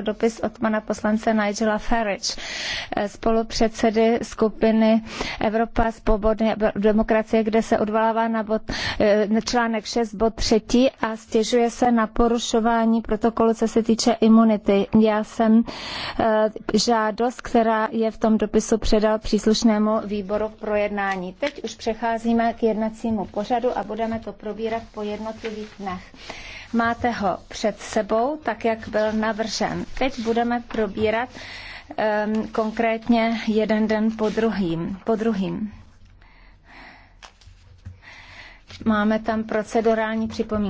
dopis od pana poslance Nigela Farage, eh, spolupředsedy skupiny Evropa svobody a demokracie, kde se odvolává na bod, eh, článek 6 bod 3 a stěžuje se na porušování protokolu, co se týče imunity. Já jsem eh, žádost, která je v tom dopisu předal příslušnému výboru v projednání. Teď už přecházíme k jednacímu pořadu a budeme to probírat po jednotlivých dnech. Máte ho před sebou, tak jak byl navržen. Teď budeme probírat um, konkrétně jeden den po druhým. Po druhým. Máme tam procedurální připomínky.